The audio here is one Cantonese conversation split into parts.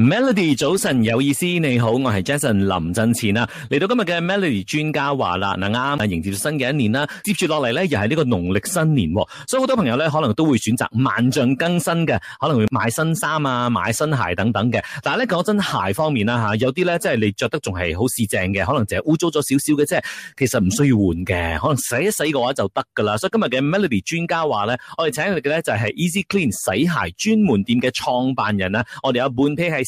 Melody 早晨有意思，你好，我係 Jason 林振前啊。嚟到今日嘅 Melody 專家話啦，嗱啱迎接新嘅一年啦。接住落嚟咧，又係呢個農曆新年，所以好多朋友咧可能都會選擇萬象更新嘅，可能會買新衫啊，買新鞋等等嘅。但係咧講真，鞋方面啦吓，有啲咧即係你着得仲係好似正嘅，可能淨係污糟咗少少嘅，即係其實唔需要換嘅，可能洗一洗嘅話就得噶啦。所以今日嘅 Melody 專家話咧，我哋請佢嘅咧就係 Easy Clean 洗鞋專門店嘅創辦人啦。我哋有 Boon Pey 係。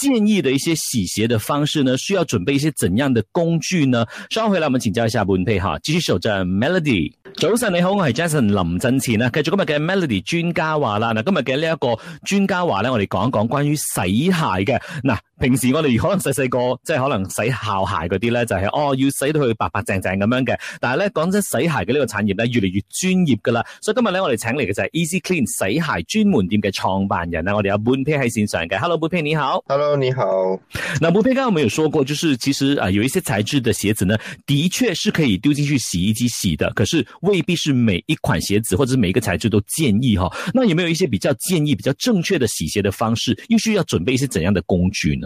建議的一些洗鞋的方式呢，需要準備一些怎樣的工具呢？稍後回來我們請教一下 Boon Pey 哈，繼續守在 Melody。早晨你好，我是 Jason 林振前啦。繼續今日嘅 Melody 專家話啦，嗱今日嘅呢一個專家話咧，我哋講一講關於洗鞋嘅嗱。平時我哋可能細細個即係可能洗校鞋嗰啲咧，就係哦要洗到佢白白淨淨咁樣嘅。但係咧講真，洗鞋嘅呢個產業咧越嚟越專業噶啦。所以今日咧我哋請嚟嘅就係 Easy Clean 洗鞋專門店嘅創辦人啊。那我哋有 Boon Pey 喺線上嘅，Hello Boon Pey 你好，Hello 你好。嗱 Boon Pey，剛剛有冇有說過，就是其實啊，有一些材質嘅鞋子呢，的確是可以丟進去洗衣機洗的，可是未必是每一款鞋子或者每一個材質都建議哈。那有冇有一些比較建議、比較正確嘅洗鞋嘅方式？又需要準備一些怎樣的工具呢？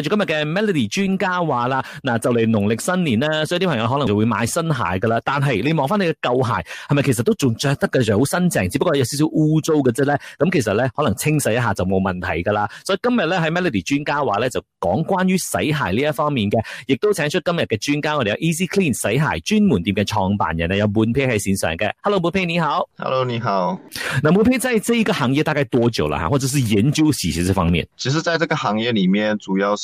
跟住今日嘅 Melody 專家話啦，嗱就嚟農曆新年啦，所以啲朋友可能就會買新鞋噶啦。但係你望翻你嘅舊鞋，係咪其實都仲着得嘅？就好新淨，只不過有少少污糟嘅啫咧。咁其實咧，可能清洗一下就冇問題噶啦。所以今日咧喺 Melody 專家話咧，就講關於洗鞋呢一方面嘅，亦都請出今日嘅專家，我哋有 Easy Clean 洗鞋專門店嘅創辦人啊，有 Boon Pey 喺線上嘅。Hello，Boon Pey 你好。Hello，你好。那 Boon Pey 喺呢個行業大概多久啦？或者是研究洗鞋方面？其實在呢個行業裡面，主要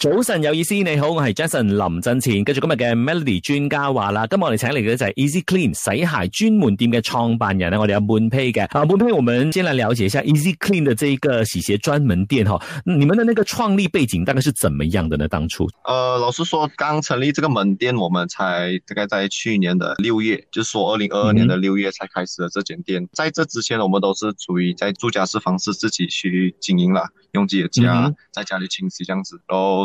早晨有意思，你好，我係 Jason 林振前，跟住今日嘅 Melody 專家話啦，今日我哋請嚟嘅就係 Easy Clean 洗鞋專門店嘅創辦人咧，我哋 MoonPay 嘅，啊 a y 我們先嚟了解一下 Easy Clean 的這一個洗鞋專門店哈，你們的那個創立背景大概係怎麼樣的呢？當初，誒、呃，老實說，剛成立這個門店，我們才大概在去年的六月，就說二零二二年的六月才開始了這間店，mm -hmm. 在這之前，我們都是處於在住家式方式自己去經營啦，用自己嘅家，mm -hmm. 在家裏清洗，這樣子，然後。